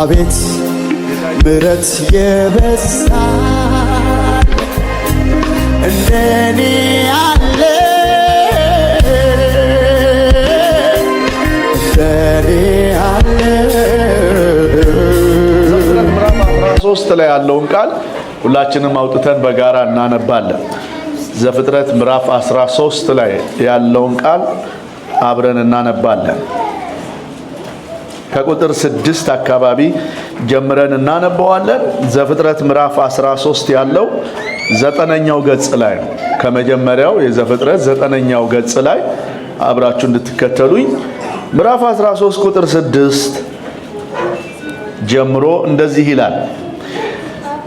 አቤት ምረት የበዛ እንደኔ ያለ እንደኔ ያለ ሶስት ላይ ያለውን ቃል ሁላችንም አውጥተን በጋራ እናነባለን። ዘፍጥረት ምዕራፍ 13 ላይ ያለውን ቃል አብረን እናነባለን። ከቁጥር ስድስት አካባቢ ጀምረን እናነበዋለን። ዘፍጥረት ምዕራፍ 13 ያለው ዘጠነኛው ገጽ ላይ ነው። ከመጀመሪያው የዘፍጥረት ዘጠነኛው ገጽ ላይ አብራችሁ እንድትከተሉኝ ምዕራፍ 13 ቁጥር 6 ጀምሮ እንደዚህ ይላል።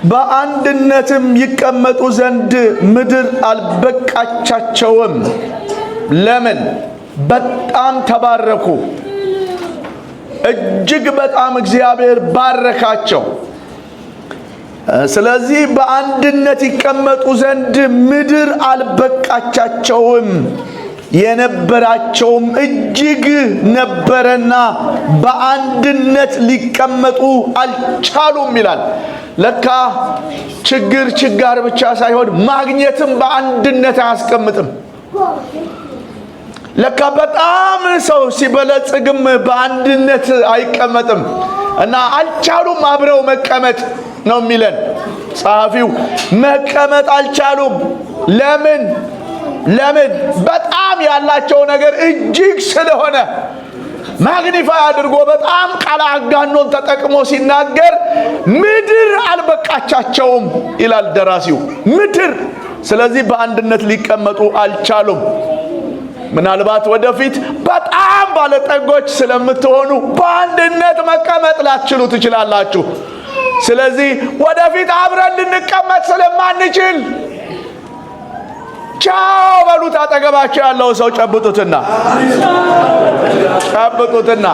በአንድነትም ይቀመጡ ዘንድ ምድር አልበቃቻቸውም። ለምን? በጣም ተባረኩ። እጅግ በጣም እግዚአብሔር ባረካቸው። ስለዚህ በአንድነት ይቀመጡ ዘንድ ምድር አልበቃቻቸውም፣ የነበራቸውም እጅግ ነበረና በአንድነት ሊቀመጡ አልቻሉም ይላል። ለካ ችግር ችጋር ብቻ ሳይሆን ማግኘትም በአንድነት አያስቀምጥም። ለካ በጣም ሰው ሲበለጽግም በአንድነት አይቀመጥም እና አልቻሉም አብረው መቀመጥ ነው የሚለን ጸሐፊው። መቀመጥ አልቻሉም። ለምን ለምን? በጣም ያላቸው ነገር እጅግ ስለሆነ ማግኒፋይ አድርጎ በጣም ቃል አጋኖን ተጠቅሞ ሲናገር ምድር አልበቃቻቸውም ይላል ደራሲው። ምድር ስለዚህ በአንድነት ሊቀመጡ አልቻሉም። ምናልባት ወደፊት በጣም ባለጠጎች ስለምትሆኑ በአንድነት መቀመጥ ላትችሉ ትችላላችሁ። ስለዚህ ወደፊት አብረን ልንቀመጥ ስለማንችል ቻው በሉት። አጠገባቸው ያለው ሰው ጨብጡትና ጨብጡትና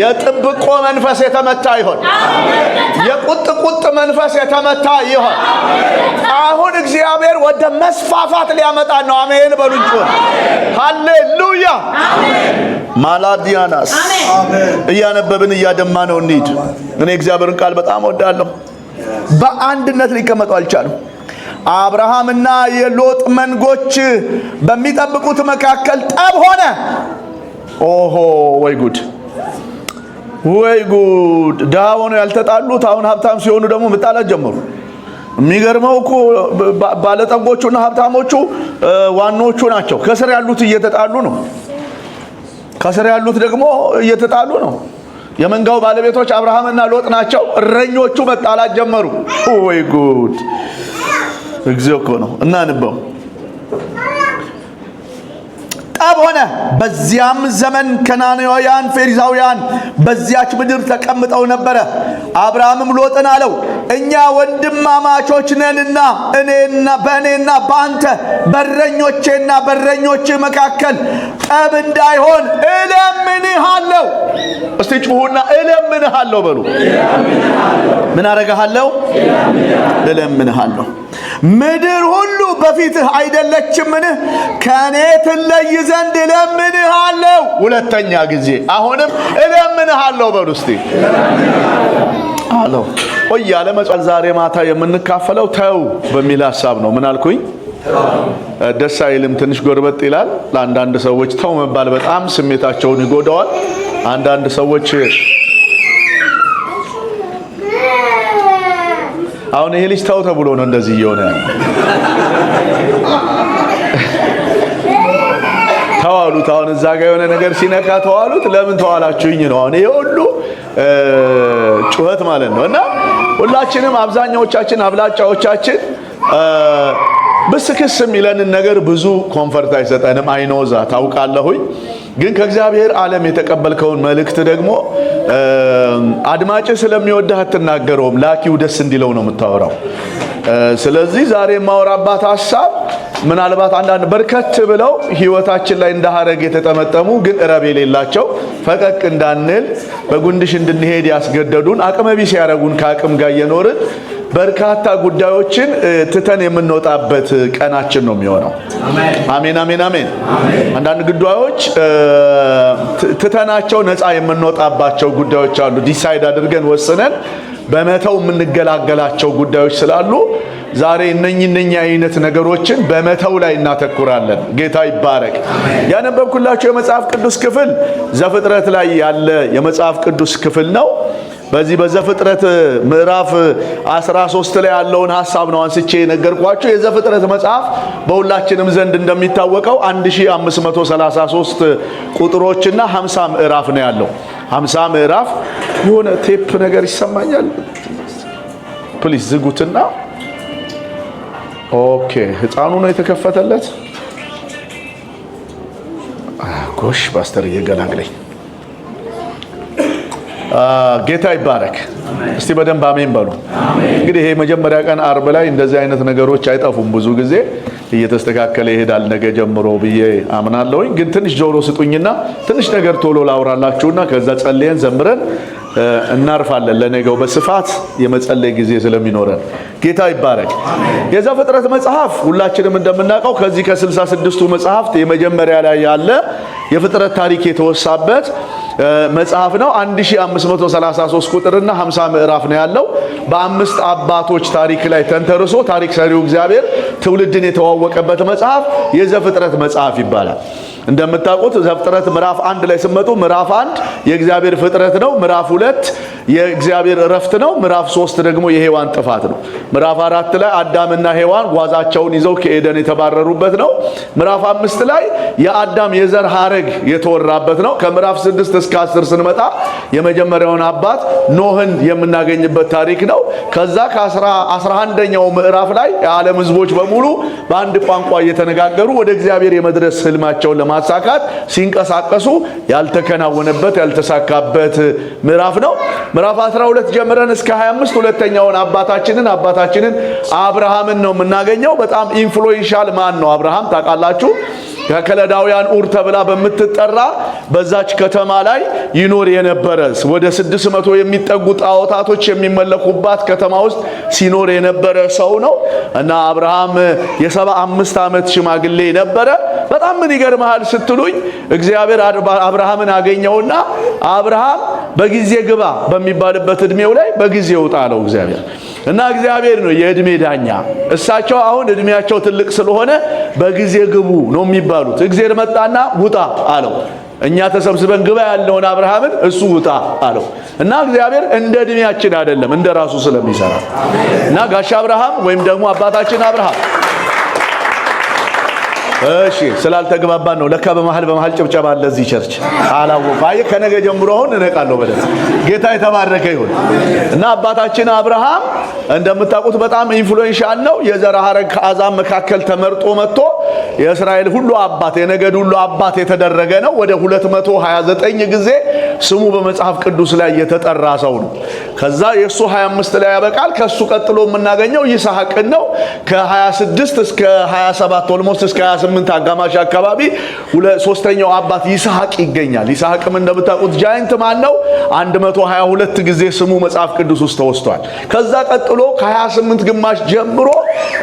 የጥብቆ መንፈስ የተመታ ይሆን፣ የቁጥቁጥ መንፈስ የተመታ ይሆን። አሁን እግዚአብሔር ወደ መስፋፋት ሊያመጣ ነው። አሜን በሉንጩ ሃሌሉያ ማላዲያናስ እያነበብን እያደማ ነው እንሂድ። እኔ እግዚአብሔርን ቃል በጣም ወዳለሁ። በአንድነት ሊቀመጡ አልቻሉም። አብርሃምና የሎጥ መንጎች በሚጠብቁት መካከል ጠብ ሆነ። ኦሆ ወይ ጉድ ወይ ጉድ! ድሃ ሆነው ያልተጣሉት አሁን ሀብታም ሲሆኑ ደግሞ መጣላት ጀመሩ። የሚገርመው እኮ ባለጠጎቹና ሀብታሞቹ ዋናዎቹ ናቸው። ከስር ያሉት እየተጣሉ ነው። ከስር ያሉት ደግሞ እየተጣሉ ነው። የመንጋው ባለቤቶች አብርሃምና ሎጥ ናቸው። እረኞቹ መጣላት ጀመሩ። ወይ ጉድ! እግዚኦ እኮ ነው። እናንበው ጠብ ሆነ። በዚያም ዘመን ከናናውያን፣ ፌሪዛውያን በዚያች ምድር ተቀምጠው ነበረ። አብርሃምም ሎጥን አለው እኛ ወንድማማቾች ነንና እኔና በእኔና በአንተ በረኞቼና በረኞች መካከል ጠብ እንዳይሆን እለምንሃለሁ። እስቲ ጩሁና እለምንሃለሁ በሉ። ምን አረጋሃለሁ? እለምንሃለሁ ምድር ሁሉ በፊትህ አይደለችምን? ከእኔ ትለይ ዘንድ እለምንሃለሁ። ሁለተኛ ጊዜ አሁንም እለምንሃለሁ በሉ እስቲ አለው። እያለ መጽል ዛሬ ማታ የምንካፈለው ተው በሚል ሀሳብ ነው። ምን አልኩኝ? ደስ አይልም። ትንሽ ጎርበጥ ይላል። ለአንዳንድ ሰዎች ተው መባል በጣም ስሜታቸውን ይጎዳዋል። አንዳንድ ሰዎች አሁን ይሄ ልጅ ተው ተብሎ ነው እንደዚህ እየሆነ ተዋሉት። አሁን እዛ ጋር የሆነ ነገር ሲነካ ተዋሉት። ለምን ተዋላችሁኝ ነው አሁን ይሄ ሁሉ ጩኸት ማለት ነው። እና ሁላችንም አብዛኛዎቻችን አብላጫዎቻችን ብስክስ የሚለንን ነገር ብዙ ኮንፈርት አይሰጠንም። አይኖዛ ታውቃለሁኝ ግን ከእግዚአብሔር ዓለም የተቀበልከውን መልእክት ደግሞ አድማጭ ስለሚወድህ አትናገረውም፣ ላኪው ደስ እንዲለው ነው የምታወራው። ስለዚህ ዛሬ የማወራባት ሀሳብ ምናልባት አንዳንድ በርከት ብለው ህይወታችን ላይ እንደ ሀረግ የተጠመጠሙ ግን ረብ የሌላቸው ፈቀቅ እንዳንል በጉንድሽ እንድንሄድ ያስገደዱን አቅመቢስ ያረጉን ከአቅም ጋር እየኖርን በርካታ ጉዳዮችን ትተን የምንወጣበት ቀናችን ነው የሚሆነው። አሜን አሜን አሜን። አንዳንድ ጉዳዮች ትተናቸው ነፃ የምንወጣባቸው ጉዳዮች አሉ። ዲሳይድ አድርገን ወስነን በመተው የምንገላገላቸው ጉዳዮች ስላሉ ዛሬ እነኝ እነኝ አይነት ነገሮችን በመተው ላይ እናተኩራለን። ጌታ ይባረክ። ያነበብኩላቸው የመጽሐፍ ቅዱስ ክፍል ዘፍጥረት ላይ ያለ የመጽሐፍ ቅዱስ ክፍል ነው። በዚህ በዘፍጥረት ምዕራፍ 13 ላይ ያለውን ሐሳብ ነው አንስቼ የነገርኳችሁ። የዘፍጥረት መጽሐፍ በሁላችንም ዘንድ እንደሚታወቀው 1533 ቁጥሮችና 50 ምዕራፍ ነው ያለው። 50 ምዕራፍ የሆነ ቴፕ ነገር ይሰማኛል። ፕሊስ ዝጉትና። ኦኬ፣ ህፃኑ ነው የተከፈተለት። ጎሽ፣ ፓስተር እየገላግለኝ ጌታ ይባረክ። እስቲ በደንብ አሜን በሉ። እንግዲህ ይሄ መጀመሪያ ቀን አርብ ላይ እንደዚህ አይነት ነገሮች አይጠፉም። ብዙ ጊዜ እየተስተካከለ ይሄዳል ነገ ጀምሮ ብዬ አምናለሁኝ። ግን ትንሽ ጆሮ ስጡኝና ትንሽ ነገር ቶሎ ላውራላችሁና ከዛ ጸልየን ዘምረን እናርፋለን። ለነገው በስፋት የመጸለይ ጊዜ ስለሚኖረን ጌታ ይባረክ። የዘፍጥረት መጽሐፍ ሁላችንም እንደምናውቀው ከዚህ ከስልሳ ስድስቱ መጽሐፍት የመጀመሪያ ላይ ያለ የፍጥረት ታሪክ የተወሳበት መጽሐፍ ነው። 1533 ቁጥርና 50 ምዕራፍ ነው ያለው። በአምስት አባቶች ታሪክ ላይ ተንተርሶ ታሪክ ሰሪው እግዚአብሔር ትውልድን የተዋወቀበት መጽሐፍ የዘፍጥረት መጽሐፍ ይባላል። እንደምታውቁት ዘፍጥረት ምዕራፍ አንድ ላይ ስመጡ ምዕራፍ አንድ የእግዚአብሔር ፍጥረት ነው። ምዕራፍ ሁለት የእግዚአብሔር እረፍት ነው። ምዕራፍ ሶስት ደግሞ የሔዋን ጥፋት ነው። ምዕራፍ አራት ላይ አዳምና ሔዋን ጓዛቸውን ይዘው ከኤደን የተባረሩበት ነው። ምዕራፍ አምስት ላይ የአዳም የዘር ሐረግ የተወራበት ነው። ከምዕራፍ ስድስት እስከ አስር ስንመጣ የመጀመሪያውን አባት ኖህን የምናገኝበት ታሪክ ነው። ከዛ ከአስራ አንደኛው ምዕራፍ ላይ የዓለም ህዝቦች በሙሉ በአንድ ቋንቋ እየተነጋገሩ ወደ እግዚአብሔር የመድረስ ህልማቸውን ለማ ለማሳካት ሲንቀሳቀሱ ያልተከናወነበት ያልተሳካበት ምዕራፍ ነው። ምዕራፍ 12 ጀምረን እስከ 25 ሁለተኛውን አባታችንን አባታችንን አብርሃምን ነው የምናገኘው። በጣም ኢንፍሉዌንሻል ማን ነው አብርሃም ታውቃላችሁ? ከከለዳውያን ኡር ተብላ በምትጠራ በዛች ከተማ ላይ ይኖር የነበረ ወደ 600 የሚጠጉ ጣዖታቶች የሚመለኩባት ከተማ ውስጥ ሲኖር የነበረ ሰው ነው እና አብርሃም የሰባ አምስት ዓመት ሽማግሌ ነበረ። በጣም ምን ይገርመሃል ስትሉኝ እግዚአብሔር አብርሃምን አገኘውና አብርሃም በጊዜ ግባ በሚባልበት እድሜው ላይ በጊዜ ውጣ አለው እግዚአብሔር። እና እግዚአብሔር ነው የእድሜ ዳኛ። እሳቸው አሁን እድሜያቸው ትልቅ ስለሆነ በጊዜ ግቡ ነው የሚባሉት። እግዜር መጣና ውጣ አለው። እኛ ተሰብስበን ግባ ያለውን አብርሃምን እሱ ውጣ አለው እና እግዚአብሔር እንደ እድሜያችን አይደለም እንደ ራሱ ስለሚሰራ እና ጋሻ አብርሃም ወይም ደግሞ አባታችን አብርሃም እሺ ስላልተግባባን ነው። ለካ በመሃል በመሃል ጭብጨባ አለ እዚህ ቸርች አላወቁ። አይ ከነገ ጀምሮ አሁን እነቃለሁ በደንብ። ጌታ የተባረከ ይሁን እና አባታችን አብርሃም እንደምታውቁት በጣም ኢንፍሉዌንሻል ነው። የዘር ሐረግ ከአሕዛብ መካከል ተመርጦ መጥቶ የእስራኤል ሁሉ አባት የነገድ ሁሉ አባት የተደረገ ነው። ወደ 229 ጊዜ ስሙ በመጽሐፍ ቅዱስ ላይ የተጠራ ሰው ነው። ከዛ የእሱ 25 ላይ ያበቃል። ከእሱ ቀጥሎ የምናገኘው ይስሐቅን ነው። ከ26 እስከ 27 ኦልሞስት እስከ 28 አጋማሽ አካባቢ ሶስተኛው አባት ይስሐቅ ይገኛል። ይስሐቅም እንደምታውቁት ጃይንት ማን ነው? 122 ጊዜ ስሙ መጽሐፍ ቅዱስ ውስጥ ተወስቷል። ከዛ ቀጥሎ ከ28 ግማሽ ጀምሮ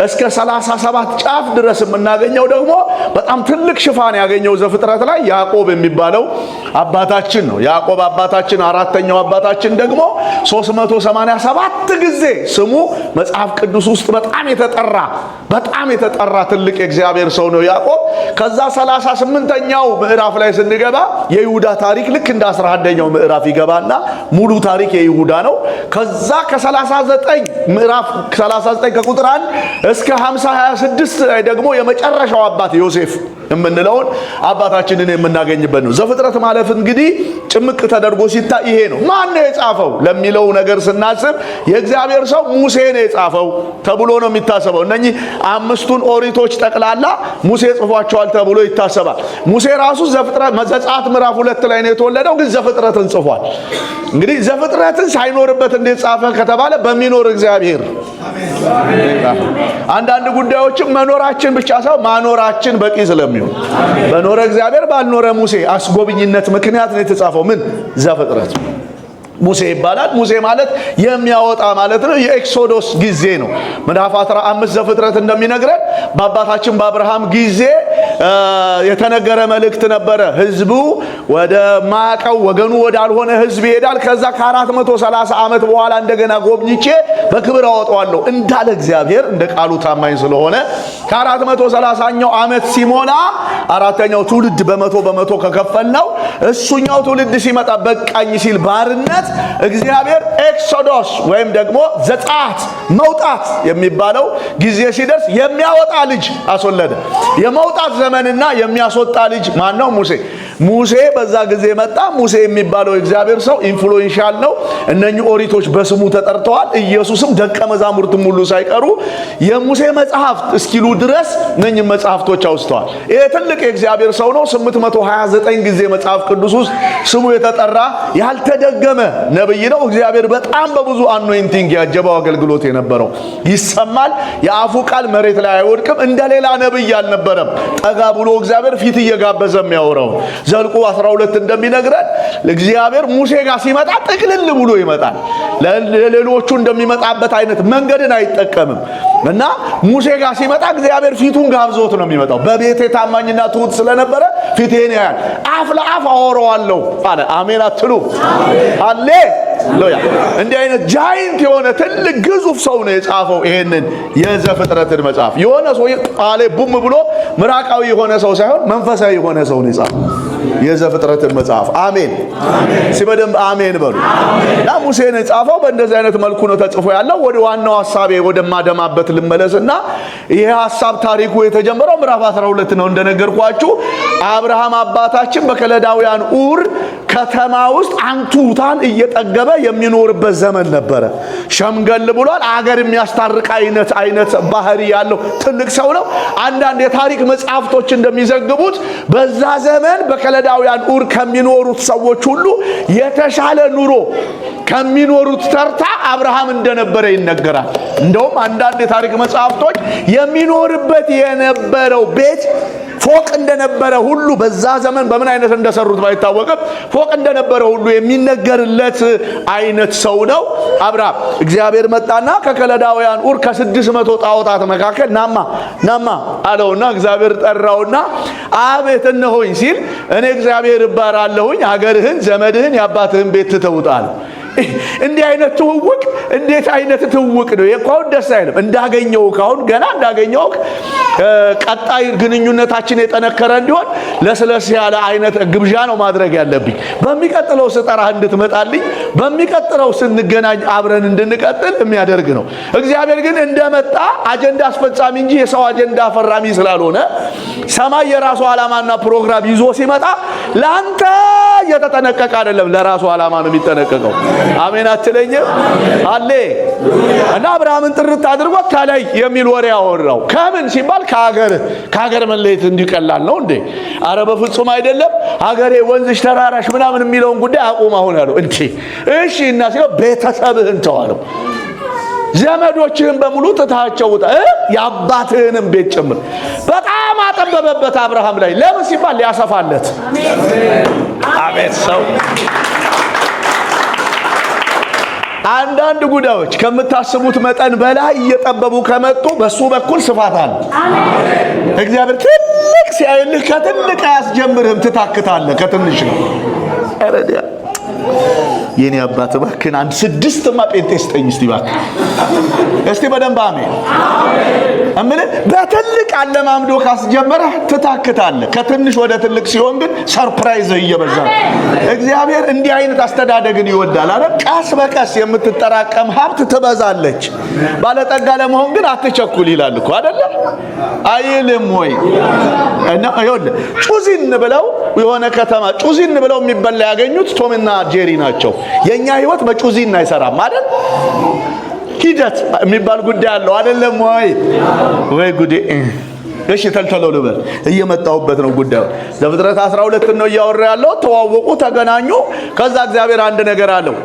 እስከ ሰላሳ ሰባት ጫፍ ድረስ የምናገኘው ደግሞ በጣም ትልቅ ሽፋን ያገኘው ዘፍጥረት ላይ ያዕቆብ የሚባለው አባታችን ነው። ያዕቆብ አባታችን አራተኛው አባታችን ደግሞ 387 ጊዜ ስሙ መጽሐፍ ቅዱስ ውስጥ በጣም የተጠራ በጣም የተጠራ ትልቅ የእግዚአብሔር ሰው ነው ያዕቆብ። ከዛ 38ኛው ምዕራፍ ላይ ስንገባ የይሁዳ ታሪክ ልክ እንደ 11ኛው ምዕራፍ ይገባና ሙሉ ታሪክ የይሁዳ ነው። ከዛ ከ39 ምዕራፍ 39 ከቁጥር 1 እስከ 50 26 ደግሞ የመጨረሻው አባት ዮሴፍ የምንለውን አባታችንን የምናገኝበት ነው። ዘፍጥረት ማለፍ እንግዲህ ጭምቅ ተደርጎ ሲታይ ይሄ ነው። ማን ነው የጻፈው ለሚለው ነገር ስናስብ የእግዚአብሔር ሰው ሙሴ ነው የጻፈው ተብሎ ነው የሚታሰበው። እነኚህ አምስቱን ኦሪቶች ጠቅላላ ሙሴ ጽፏቸዋል ተብሎ ይታሰባል። ሙሴ ራሱ ዘጸአት ምዕራፍ ሁለት ላይ ነው የተወለደው፣ ግን ዘፍጥረትን ጽፏል። እንግዲህ ዘፍጥረትን ሳይኖርበት እንዴት ጻፈ ከተባለ በሚኖር እግዚአብሔር አንዳንድ ጉዳዮችም መኖራችን ብቻ ሳይሆን ማኖራችን በቂ ስለሚ ይሁን። በኖረ እግዚአብሔር ባልኖረ ሙሴ አስጎብኝነት ምክንያት ነው የተጻፈው። ምን ዘፍጥረት ሙሴ ይባላል። ሙሴ ማለት የሚያወጣ ማለት ነው። የኤክሶዶስ ጊዜ ነው። ምዕራፍ 15 ዘፍጥረት እንደሚነግረን በአባታችን በአብርሃም ጊዜ የተነገረ መልእክት ነበረ። ህዝቡ? ወደ ማቀው ወገኑ ወዳልሆነ ህዝብ ይሄዳል። ከዛ ከ430 ዓመት በኋላ እንደገና ጎብኝቼ በክብር አወጣዋለሁ እንዳለ እግዚአብሔር እንደ ቃሉ ታማኝ ስለሆነ ከ430ኛው ዓመት ሲሞላ አራተኛው ትውልድ በመቶ በመቶ ነው እሱኛው ትውልድ ሲመጣ በቃኝ ሲል ባርነት እግዚአብሔር ኤክሶዶስ ወይም ደግሞ ዘጸአት መውጣት የሚባለው ጊዜ ሲደርስ የሚያወጣ ልጅ አስወለደ። የመውጣት ዘመንና የሚያስወጣ ልጅ ማን ነው? ሙሴ ሙሴ በዛ ጊዜ መጣ። ሙሴ የሚባለው እግዚአብሔር ሰው ኢንፍሉዌንሻል ነው። እነኚህ ኦሪቶች በስሙ ተጠርተዋል። ኢየሱስም ደቀ መዛሙርትም ሙሉ ሳይቀሩ የሙሴ መጽሐፍት እስኪሉ ድረስ እነኚህ መጽሐፍቶች አውስተዋል። ይሄ ትልቅ የእግዚአብሔር ሰው ነው። 829 ጊዜ መጽሐፍ ቅዱስ ውስጥ ስሙ የተጠራ ያልተደገመ ነብይ ነው። እግዚአብሔር በጣም በብዙ አኖይንቲንግ ያጀባው አገልግሎት የነበረው ይሰማል። የአፉ ቃል መሬት ላይ አይወድቅም። እንደሌላ ነብይ አልነበረም። ጠጋ ብሎ እግዚአብሔር ፊት እየጋበዘ የሚያወራው ዘልቁ 12 እንደሚነግረን ለእግዚአብሔር ሙሴ ጋር ሲመጣ ጥቅልል ብሎ ይመጣል። ለሌሎቹ እንደሚመጣበት አይነት መንገድን አይጠቀምም እና ሙሴ ጋር ሲመጣ እግዚአብሔር ፊቱን ጋብዞት ነው የሚመጣው። በቤቴ ታማኝና ትሁት ስለነበረ ፊቴን ያያል፣ አፍ ለአፍ አወረዋለሁ አለ። አሜን አትሉ? አሌ ሎያ እንዲህ አይነት ጃይንት የሆነ ትልቅ ግዙፍ ሰው ነው የጻፈው ይሄንን የዘፍጥረትን መጽሐፍ። የሆነ ሰው ቃሌ ቡም ብሎ ምራቃዊ የሆነ ሰው ሳይሆን መንፈሳዊ የሆነ ሰው ነው የጻፈው። የዘፍጥረት መጽሐፍ አሜን። እስኪ አሜን በሉ። እና ሙሴን የጻፈው በእንደዚህ አይነት መልኩ ነው ተጽፎ ያለው። ወደ ዋናው ሀሳቤ ወደማደማበት ልመለስ ልመለስና ይሄ ሀሳብ ታሪኩ የተጀመረው ምዕራፍ 12 ነው እንደነገርኳችሁ አብርሃም አባታችን በከለዳውያን ኡር ከተማ ውስጥ አንቱታን እየጠገበ የሚኖርበት ዘመን ነበረ። ሸምገል ብሏል። አገር የሚያስታርቅ አይነት አይነት ባህሪ ያለው ትልቅ ሰው ነው። አንዳንድ የታሪክ መጽሐፍቶች እንደሚዘግቡት በዛ ዘመን በከለዳውያን ኡር ከሚኖሩት ሰዎች ሁሉ የተሻለ ኑሮ ከሚኖሩት ተርታ አብርሃም እንደነበረ ይነገራል። እንደውም አንዳንድ የታሪክ መጽሐፍቶች የሚኖርበት የነበረው ቤት ፎቅ እንደነበረ ሁሉ በዛ ዘመን በምን አይነት እንደሰሩት ባይታወቅም ፎቅ እንደነበረ ሁሉ የሚነገርለት አይነት ሰው ነው አብርሃም። እግዚአብሔር መጣና ከከለዳውያን ኡር ከስድስት መቶ ጣዖታት መካከል ናማ ናማ አለውና እግዚአብሔር ጠራውና አቤት እነሆኝ ሲል እኔ እግዚአብሔር እባላለሁኝ ሀገርህን፣ ዘመድህን፣ የአባትህን ቤት ትተውጣል እንዲህ አይነት ትውውቅ እንዴት አይነት ትውውቅ ነው? የኳሁን ደስ አይልም። እንዳገኘው ካሁን ገና እንዳገኘው ቀጣይ ግንኙነታችን የጠነከረ እንዲሆን ለስለስ ያለ አይነት ግብዣ ነው ማድረግ ያለብኝ። በሚቀጥለው ስጠራህ እንድትመጣልኝ፣ በሚቀጥለው ስንገናኝ አብረን እንድንቀጥል የሚያደርግ ነው። እግዚአብሔር ግን እንደመጣ አጀንዳ አስፈጻሚ እንጂ የሰው አጀንዳ ፈራሚ ስላልሆነ ሰማይ የራሱ ዓላማና ፕሮግራም ይዞ ሲመጣ ለአንተ እየተጠነቀቀ አይደለም፣ ለራሱ ዓላማ ነው የሚጠነቀቀው። አሜን አትለኝም አሌ እና አብርሃምን ጥርት አድርጎ ከላይ የሚል ወሬ አወራው። ከምን ሲባል ከሀገር ከሀገር መለየት እንዲቀላል ነው እንዴ? አረ በፍጹም አይደለም። ሀገሬ ወንዝሽ፣ ተራራሽ ምናምን የሚለውን ጉዳይ አቁም አሁን ያለው እንቺ እሺ እና ሲለው ቤተሰብህን ተዋለው ዘመዶችህን በሙሉ ትታቸው ውጣ፣ የአባትህንም ቤት ጭምር። በጣም አጠበበበት አብርሃም ላይ። ለምን ሲባል ሊያሰፋለት። አቤት ሰው አንዳንድ ጉዳዮች ከምታስቡት መጠን በላይ እየጠበቡ ከመጡ በሱ በኩል ስፋት አለ። እግዚአብሔር ትልቅ ሲያይልህ ከትልቅ አያስጀምርህም፣ ትታክታለህ። ከትንሽ ነው የኔ አባት እባክህን አንድ ስድስትማ ጴንጤ ስጠኝ እስቲ እባክህ። እስቲ በደንብ አሜን እምልህ በትልቅ አለማምዶ ካስጀመረህ ትታክታለህ። ከትንሽ ወደ ትልቅ ሲሆን ግን ሰርፕራይዝ እየበዛ እግዚአብሔር እንዲህ አይነት አስተዳደግን ይወዳል። አረ ቀስ በቀስ የምትጠራቀም ሀብት ትበዛለች። ባለጠጋ ለመሆን ግን አትቸኩል ይላል እኮ አይደለም አይልም ወይ? ጩዚን ብለው የሆነ ከተማ ጩዚን ብለው የሚበላ ያገኙት ቶምና ጄሪ ናቸው። የእኛ ህይወት በጩዚና አይሰራም አይደል? ሂደት የሚባል ጉዳይ አለው አይደለም ወይ? ወይ ጉዴ! እሺ ተልተሎ ልበል፣ እየመጣሁበት ነው ጉዳዩ። ዘፍጥረት 12 ነው እያወራ ያለው። ተዋወቁ፣ ተገናኙ። ከዛ እግዚአብሔር አንድ ነገር አለው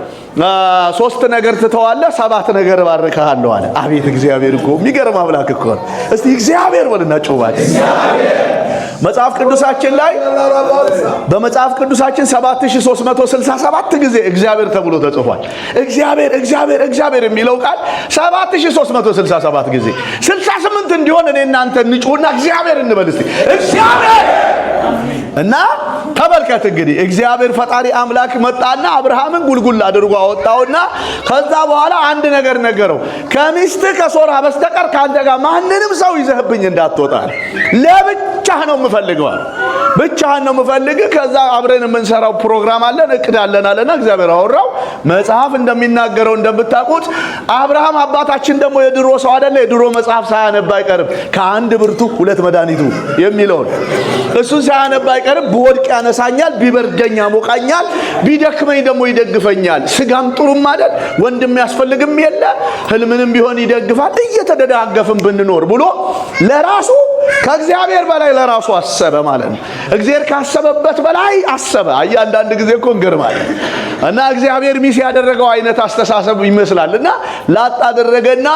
ሶስት ነገር ትተዋለ፣ ሰባት ነገር ባርክሃለሁ አለ። አቤት! እግዚአብሔር እኮ የሚገርም አምላክ እኮ እስቲ እግዚአብሔር በልና እግዚአብሔር መጽሐፍ ቅዱሳችን ላይ በመጽሐፍ ቅዱሳችን 7367 ጊዜ እግዚአብሔር ተብሎ ተጽፏል። እግዚአብሔር እግዚአብሔር እግዚአብሔር የሚለው ቃል 7367 ጊዜ 68 እንዲሆን እኔ እናንተ እንጩና እግዚአብሔር እንበል እስቲ እግዚአብሔር እና ተመልከት እንግዲህ እግዚአብሔር ፈጣሪ አምላክ መጣና አብርሃምን ጉልጉል አድርጎ አወጣውና ከዛ በኋላ አንድ ነገር ነገረው። ከሚስት ከሶራ በስተቀር ከአንተ ጋር ማንንም ሰው ይዘህብኝ እንዳትወጣ ለብቻ ብቻህ ነው የምፈልገው፣ ብቻህን ነው የምፈልግህ። ከዛ አብረን የምንሰራው ፕሮግራም አለን እቅድ አለን አለና እግዚአብሔር አወራው። መጽሐፍ እንደሚናገረው እንደምታውቁት አብርሃም አባታችን ደግሞ የድሮ ሰው አይደለ። የድሮ መጽሐፍ ሳያነብ አይቀርም ከአንድ ብርቱ ሁለት መድኃኒቱ የሚለውን እሱን ሳያነብ አይቀርም። ብወድቅ ያነሳኛል፣ ቢበርደኝ ያሞቃኛል፣ ቢደክመኝ ደግሞ ይደግፈኛል። ስጋም ጥሩም አይደል ወንድም ያስፈልግም የለ ህልምንም ቢሆን ይደግፋል። እየተደጋገፍን ብንኖር ብሎ ለራሱ ከእግዚአብሔር በላይ ለራሱ አሰበ ማለት ነው። እግዚአብሔር ካሰበበት በላይ አሰበ። አየህ አንዳንድ ጊዜ እኮ እንገርማለን እና እግዚአብሔር ሚስ ያደረገው አይነት አስተሳሰብ ይመስላል እና ላጥ አደረገና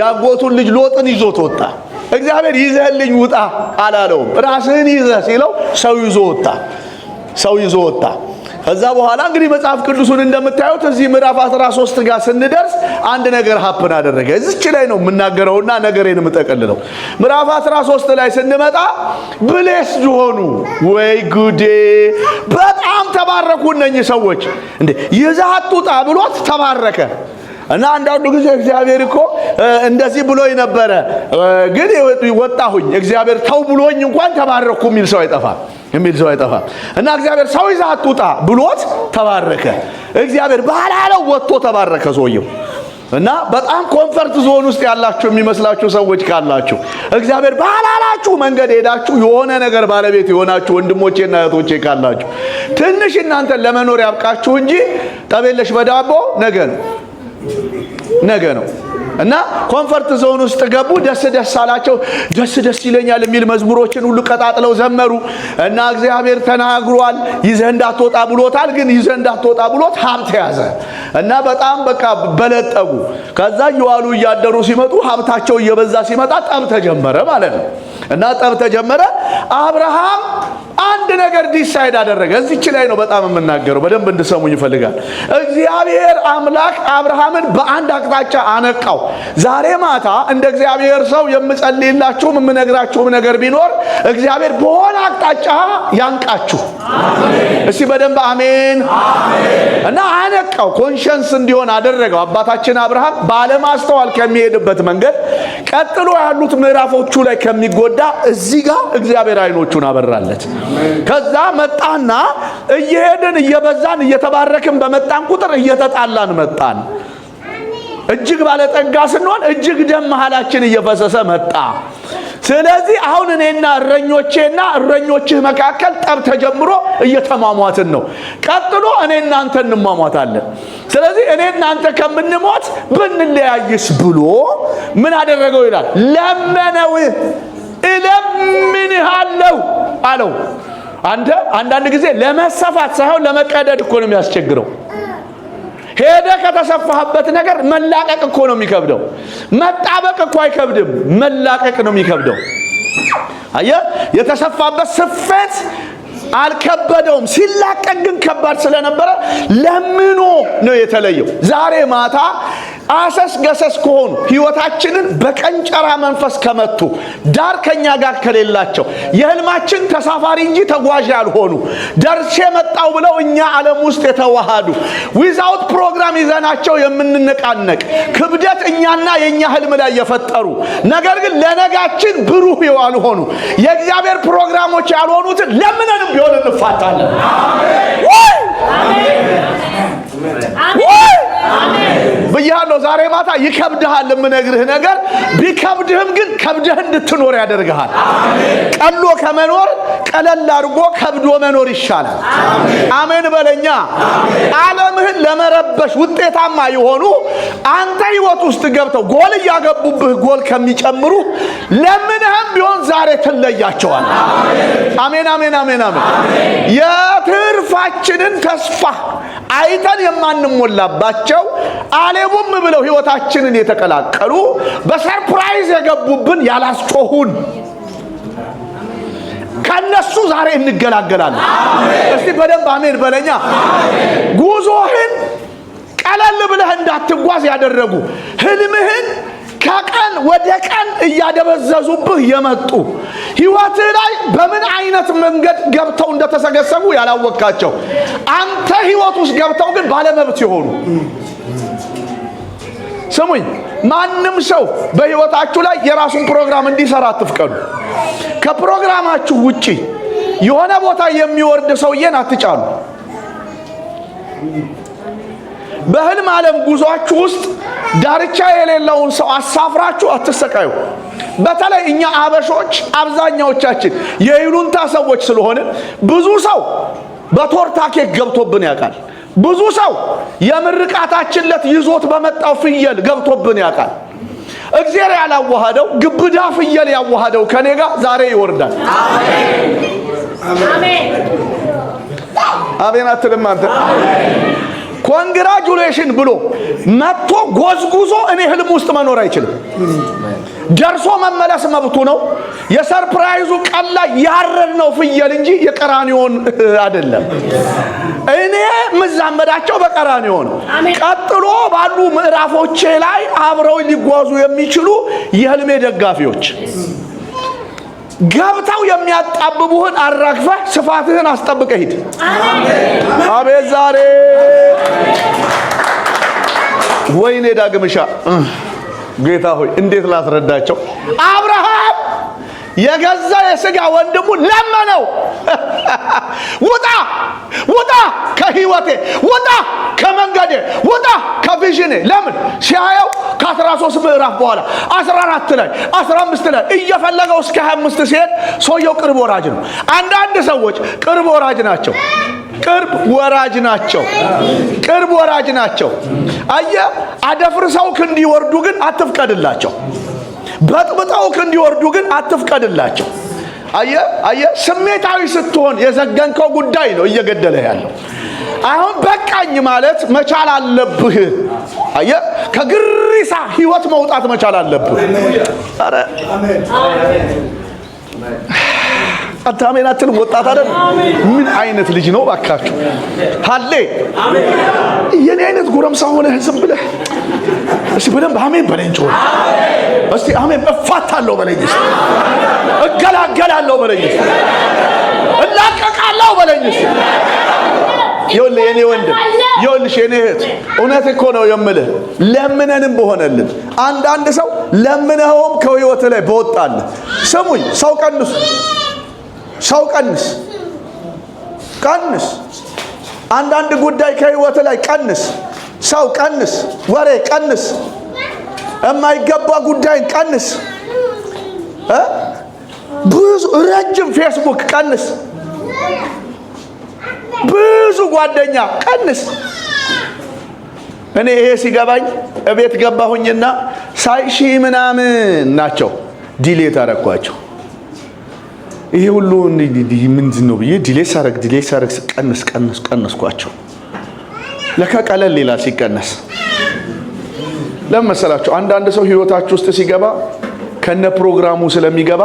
ያጎቱን ልጅ ሎጥን ይዞት ወጣ። እግዚአብሔር ይዘህልኝ ውጣ አላለውም። ራስህን ይዘህ ሲለው ሰው ይዞ ወጣ። ሰው ይዞ ወጣ። ከዛ በኋላ እንግዲህ መጽሐፍ ቅዱሱን እንደምታዩት እዚህ ምዕራፍ 13 ጋር ስንደርስ አንድ ነገር ሀፕን አደረገ። እዚች ላይ ነው የምናገረውና ነገሬን የምጠቀልለው። ምዕራፍ 13 ላይ ስንመጣ ብሌስድ ሆኑ። ወይ ጉዴ! በጣም ተባረኩ እነኚህ ሰዎች። እንዴ ይዛት ውጣ ብሎት ተባረከ። እና አንዳንዱ ጊዜ እግዚአብሔር እኮ እንደዚህ ብሎኝ ነበረ፣ ግን ወጣሁኝ፣ እግዚአብሔር ተው ብሎኝ እንኳን ተባረኩ የሚል ሰው አይጠፋም። የሚል ሰው አይጠፋም። እና እግዚአብሔር ሰው ይዘህ አትውጣ ብሎት ተባረከ። እግዚአብሔር ባላለው ወጥቶ ተባረከ ሰውየው። እና በጣም ኮንፈርት ዞን ውስጥ ያላችሁ የሚመስላችሁ ሰዎች ካላችሁ እግዚአብሔር ባላላችሁ መንገድ ሄዳችሁ የሆነ ነገር ባለቤት የሆናችሁ ወንድሞቼና እህቶቼ ካላችሁ ትንሽ እናንተን ለመኖር ያብቃችሁ እንጂ ጠቤለሽ በዳቦ ነገ ነው ነገ ነው። እና ኮንፈርት ዞን ውስጥ ገቡ። ደስ ደስ አላቸው። ደስ ደስ ይለኛል የሚል መዝሙሮችን ሁሉ ቀጣጥለው ዘመሩ እና እግዚአብሔር ተናግሯል፣ ይዘህ እንዳትወጣ ብሎታል። ግን ይዘህ እንዳትወጣ ብሎት ሀብት ያዘ እና በጣም በቃ በለጠጉ። ከዛ እየዋሉ እያደሩ ሲመጡ ሀብታቸው እየበዛ ሲመጣ ጠብ ተጀመረ ማለት ነው። እና ጠብ ተጀመረ። አብርሃም አንድ ነገር ዲሳይድ አደረገ። እዚች ላይ ነው በጣም የምናገረው፣ በደንብ እንድሰሙኝ ይፈልጋል። እግዚአብሔር አምላክ አብርሃምን በአንድ አቅጣጫ አነቃው። ዛሬ ማታ እንደ እግዚአብሔር ሰው የምጸልይላችሁም የምነግራችሁም ነገር ቢኖር እግዚአብሔር በሆነ አቅጣጫ ያንቃችሁ እሺ በደንብ አሜን። እና አነቃው፣ ኮንሸንስ እንዲሆን አደረገው። አባታችን አብርሃም ባለማስተዋል ከሚሄድበት መንገድ ቀጥሎ ያሉት ምዕራፎቹ ላይ ከሚጎዳ እዚህ ጋር እግዚአብሔር አይኖቹን አበራለት። ከዛ መጣና እየሄድን እየበዛን እየተባረክን በመጣን ቁጥር እየተጣላን መጣን። እጅግ ባለጠጋ ስንሆን እጅግ ደም መሃላችን እየፈሰሰ መጣ። ስለዚህ አሁን እኔና እረኞቼና እረኞችህ መካከል ጠብ ተጀምሮ እየተሟሟትን ነው። ቀጥሎ እኔ እናንተ እንሟሟታለን። ስለዚህ እኔ እናንተ ከምንሞት ብንለያይስ ብሎ ምን አደረገው ይላል። ለመነው፣ እለምንሃለው አለው። አንተ አንዳንድ ጊዜ ለመሰፋት ሳይሆን ለመቀደድ እኮ ነው የሚያስቸግረው። ሄደ ከተሰፋህበት ነገር መላቀቅ እኮ ነው የሚከብደው። መጣበቅ እኮ አይከብድም፣ መላቀቅ ነው የሚከብደው። አየህ፣ የተሰፋበት ስፌት አልከበደውም። ሲላቀቅ ግን ከባድ ስለነበረ ለምኖ ነው የተለየው። ዛሬ ማታ አሰስ ገሰስ ከሆኑ ህይወታችንን በቀንጨራ መንፈስ ከመቱ ዳር ከኛ ጋር ከሌላቸው የህልማችን ተሳፋሪ እንጂ ተጓዥ ያልሆኑ ደርሼ መጣው ብለው እኛ ዓለም ውስጥ የተዋሃዱ ዊዛውት ፕሮግራም ይዘናቸው የምንነቃነቅ ክብደት እኛና የእኛ ህልም ላይ የፈጠሩ ነገር ግን ለነጋችን ብሩህ ያልሆኑ የእግዚአብሔር ፕሮግራሞች ያልሆኑትን ለምንንም ቢሆን እንፋታለን። ብያለሁ። ዛሬ ማታ ይከብድሃል የምነግርህ ነገር ቢከብድህም ግን ከብደህ እንድትኖር ያደርግሃል። ቀሎ ከመኖር ቀለል አድርጎ ከብዶ መኖር ይሻላል። አሜን በለኛ። ዓለምህን ለመረበሽ ውጤታማ የሆኑ አንተ ህይወት ውስጥ ገብተው ጎል እያገቡብህ ጎል ከሚጨምሩ ለምንህም ቢሆን ዛሬ ትለያቸዋል። አሜን አሜን አሜን አሜን የትርፋችንን ተስፋ አይተን የማንሞላባቸው አሌቡም ብለው ህይወታችንን የተቀላቀሉ በሰርፕራይዝ የገቡብን ያላስጮሁን ከነሱ ዛሬ እንገላገላለን። እስቲ በደንብ አሜን በለኛ። ጉዞህን ቀለል ብለህ እንዳትጓዝ ያደረጉ ህልምህን ከቀን ወደ ቀን እያደበዘዙብህ የመጡ ህይወት ላይ በምን አይነት መንገድ ገብተው እንደተሰገሰጉ ያላወቃቸው አንተ ህይወት ውስጥ ገብተው ግን ባለመብት የሆኑ ስሙኝ። ማንም ሰው በህይወታችሁ ላይ የራሱን ፕሮግራም እንዲሰራ አትፍቀዱ። ከፕሮግራማችሁ ውጪ የሆነ ቦታ የሚወርድ ሰውዬን አትጫሉ። በህልም ዓለም ጉዟችሁ ውስጥ ዳርቻ የሌለውን ሰው አሳፍራችሁ አትሰቃዩ። በተለይ እኛ አበሾች አብዛኛዎቻችን የይሉንታ ሰዎች ስለሆነ ብዙ ሰው በቶርታ ኬክ ገብቶብን ያውቃል። ብዙ ሰው የምርቃታችን ዕለት ይዞት በመጣው ፍየል ገብቶብን ያውቃል። እግዚአብሔር ያላዋሃደው ግብዳ ፍየል ያዋሃደው ከኔ ጋር ዛሬ ይወርዳል። አሜን አትልም አንተ ኮንግራጁሌሽን ብሎ መጥቶ ጎዝጉዞ እኔ ህልም ውስጥ መኖር አይችልም። ደርሶ መመለስ መብቱ ነው። የሰርፕራይዙ ቀን ላይ ያረድነው ፍየል እንጂ የቀራኒዮን አይደለም። እኔ ምዛመዳቸው በቀራኒዮ ነው። ቀጥሎ ባሉ ምዕራፎቼ ላይ አብረው ሊጓዙ የሚችሉ የህልሜ ደጋፊዎች ገብተው የሚያጣብቡህን አራግፈህ ስፋትህን አስጠብቀ ሂድ። አቤት ዛሬ ወይኔ ዳግምሻ ጌታ ሆይ እንዴት ላስረዳቸው? አብርሃም የገዛ የሥጋ ወንድሙ ለመነው፣ ውጣ ውጣ ከህይወቴ፣ ውጣ ከመንገዴ፣ ውጣ ከቪዥኔ። ለምን ሲያየው ከ13 ምዕራፍ በኋላ 14 ላይ 15 ላይ እየፈለገው እስከ 25 ሲሄድ ሰውየው ቅርብ ወራጅ ነው። አንዳንድ ሰዎች ቅርብ ወራጅ ናቸው። ቅርብ ወራጅ ናቸው። ቅርብ ወራጅ ናቸው። አየ አደፍርሰውክ እንዲወርዱ ግን አትፍቀድላቸው። በጥብጠው እንዲወርዱ ግን አትፍቀድላቸው። አየ አየ ስሜታዊ ስትሆን የዘገንከው ጉዳይ ነው እየገደለህ ያለው። አሁን በቃኝ ማለት መቻል አለብህ። አየ ከግሪሳ ህይወት መውጣት መቻል አለብህ። አዳሜናችንም ወጣት አይደል? ምን አይነት ልጅ ነው ባካችሁ? ሀሌ የኔ አይነት ጎረምሳ ሆነህ ዝም ብለህ እስቲ በደንብ አሜን በለኝ ጮህ። እስቲ አሜን እፋታለሁ በለኝ እስቲ እገላገላለሁ በለኝ እስቲ እላቀቃለሁ በለኝ እስቲ ይኸውልህ የኔ ወንድም ይኸውልሽ የኔ እህት እውነት እኮ ነው የምልህ። ለምነንም በሆነልን አንዳንድ ሰው ለምነኸውም ከህይወት ላይ በወጣልህ። ስሙኝ ሰው ቀንሱ ሰው ቀንስ ቀንስ። አንዳንድ ጉዳይ ከህይወት ላይ ቀንስ። ሰው ቀንስ፣ ወሬ ቀንስ፣ የማይገባ ጉዳይን ቀንስ፣ ብዙ ረጅም ፌስቡክ ቀንስ፣ ብዙ ጓደኛ ቀንስ። እኔ ይሄ ሲገባኝ እቤት ገባሁኝና ሳይሺ ምናምን ናቸው ዲሌት አረኳቸው። ይሄ ሁሉ ምንድን ነው ብዬ ዲሌ ሳረግ ዲሌ ሳረግ ቀነስ ቀነስ ቀነስኳቸው። ለካ ቀለል ሌላ ሲቀነስ። ለምን አንዳንድ ሰው ህይወታችሁ ውስጥ ሲገባ ከነ ፕሮግራሙ ስለሚገባ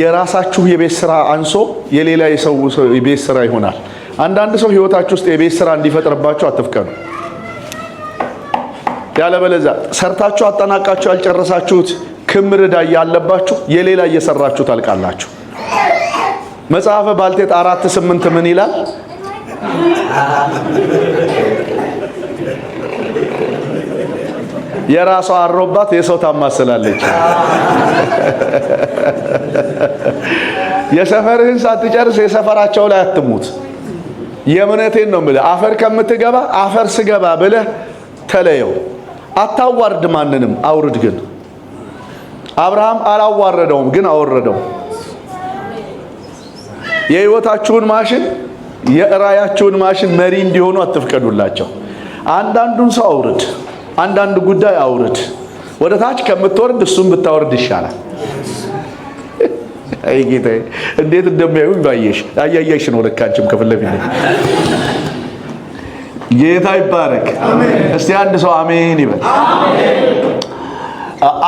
የራሳችሁ የቤት ስራ አንሶ የሌላ የሰው የቤት ስራ ይሆናል። አንዳንድ ሰው ህይወታችሁ ውስጥ የቤት ስራ እንዲፈጥርባችሁ አትፍቀዱ። ያለበለዚያ ሰርታችሁ አጠናቃችሁ ያልጨረሳችሁት ክምር ዕዳ ያለባችሁ የሌላ እየሰራችሁ ታልቃላችሁ። መጽሐፈ ባልቴት አራት ስምንት ምን ይላል? የራሷ አሮባት የሰው ታማስላለች። የሰፈርህን ሳትጨርስ የሰፈራቸው ላይ አትሙት። የእምነቴን ነው ብለህ አፈር ከምትገባ አፈር ስገባ ብለህ ተለየው። አታዋርድ ማንንም አውርድ። ግን አብርሃም አላዋረደውም፣ ግን አወረደው። የህይወታችሁን ማሽን የራያችሁን ማሽን መሪ እንዲሆኑ አትፍቀዱላቸው። አንዳንዱን ሰው አውርድ፣ አንዳንድ ጉዳይ አውርድ። ወደ ታች ከምትወርድ እሱም ብታወርድ ይሻላል። አይ ጌታዬ፣ እንዴት እንደሚያዩኝ ባየሽ። አያያሽ ነው ለካ አንቺም ለፊት። ጌታ ይባረክ። እስቲ አንድ ሰው አሜን ይበል።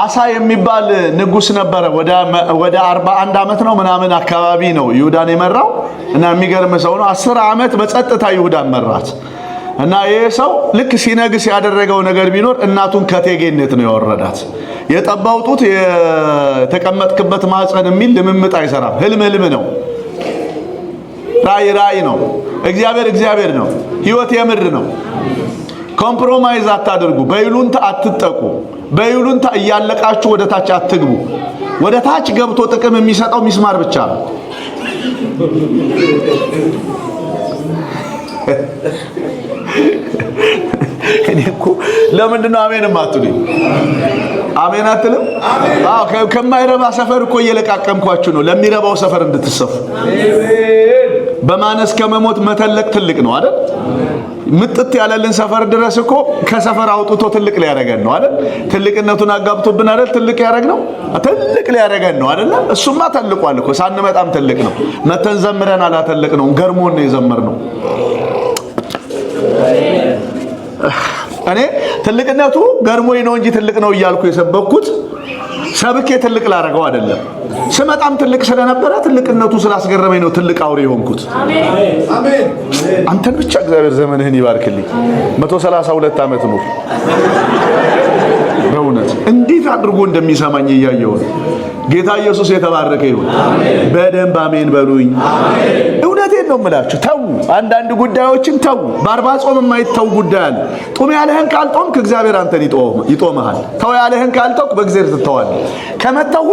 አሳ የሚባል ንጉስ ነበረ። ወደ አርባ አንድ ዓመት ነው ምናምን አካባቢ ነው ይሁዳን የመራው እና የሚገርም ሰው ነው። አስር ዓመት በጸጥታ ይሁዳን መራት እና ይህ ሰው ልክ ሲነግስ ያደረገው ነገር ቢኖር እናቱን ከቴጌነት ነው ያወረዳት። የጠባው ጡት የተቀመጥክበት ማህፀን የሚል ልምምጥ አይሰራም። ህልም ህልም ነው። ራእይ ራእይ ነው። እግዚአብሔር እግዚአብሔር ነው። ህይወት የምር ነው። ኮምፕሮማይዝ አታድርጉ። በይሉንት አትጠቁ። በይሉንታ እያለቃችሁ ወደ ታች አትግቡ። ወደ ታች ገብቶ ጥቅም የሚሰጠው ሚስማር ብቻ ነው። እኔ እኮ ለምንድን ነው አሜን አትሉኝ? አሜን አትልም? አዎ ከማይረባ ሰፈር እኮ እየለቃቀምኳችሁ ነው፣ ለሚረባው ሰፈር እንድትሰፉ። በማነስ ከመሞት መተለቅ ትልቅ ነው አይደል? ምጥት ያለልን ሰፈር ድረስ እኮ ከሰፈር አውጥቶ ትልቅ ሊያደርገን ነው አይደል? ትልቅነቱን አጋብቶብን አይደል? ትልቅ ያደረግ ነው ትልቅ ሊያደርገን ነው አይደል? እሱማ ተልቋል እኮ ሳንመጣም ትልቅ ነው። መተን ዘምረን አላተልቅ ነው ገርሞን ነው ነው። እኔ ትልቅነቱ ገርሞኝ ነው እንጂ ትልቅ ነው እያልኩ የሰበኩት ሰብኬ ትልቅ ላረገው አይደለም። ስመጣም ትልቅ ስለነበረ ትልቅነቱ ስላስገረመኝ ነው ትልቅ አውሬ የሆንኩት። አንተን ብቻ እግዚአብሔር ዘመንህን ይባርክልኝ። 132 አመት ሁለት ዓመት ኑር። በእውነት እንዴት አድርጎ እንደሚሰማኝ እያየው ጌታ ኢየሱስ የተባረከ ይሁን። በደንብ አሜን በሉኝ። ነው የምላችሁ። ተዉ፣ አንዳንድ ጉዳዮችን ተዉ። በአርባ ጾም የማይተው ጉዳይ አለ። ጡም ያለህን ካልጦምክ እግዚአብሔር አንተን ይጦመሃል። ተው ያለህን ካልተውክ በእግዚአብሔር ትተዋለህ። ከመተው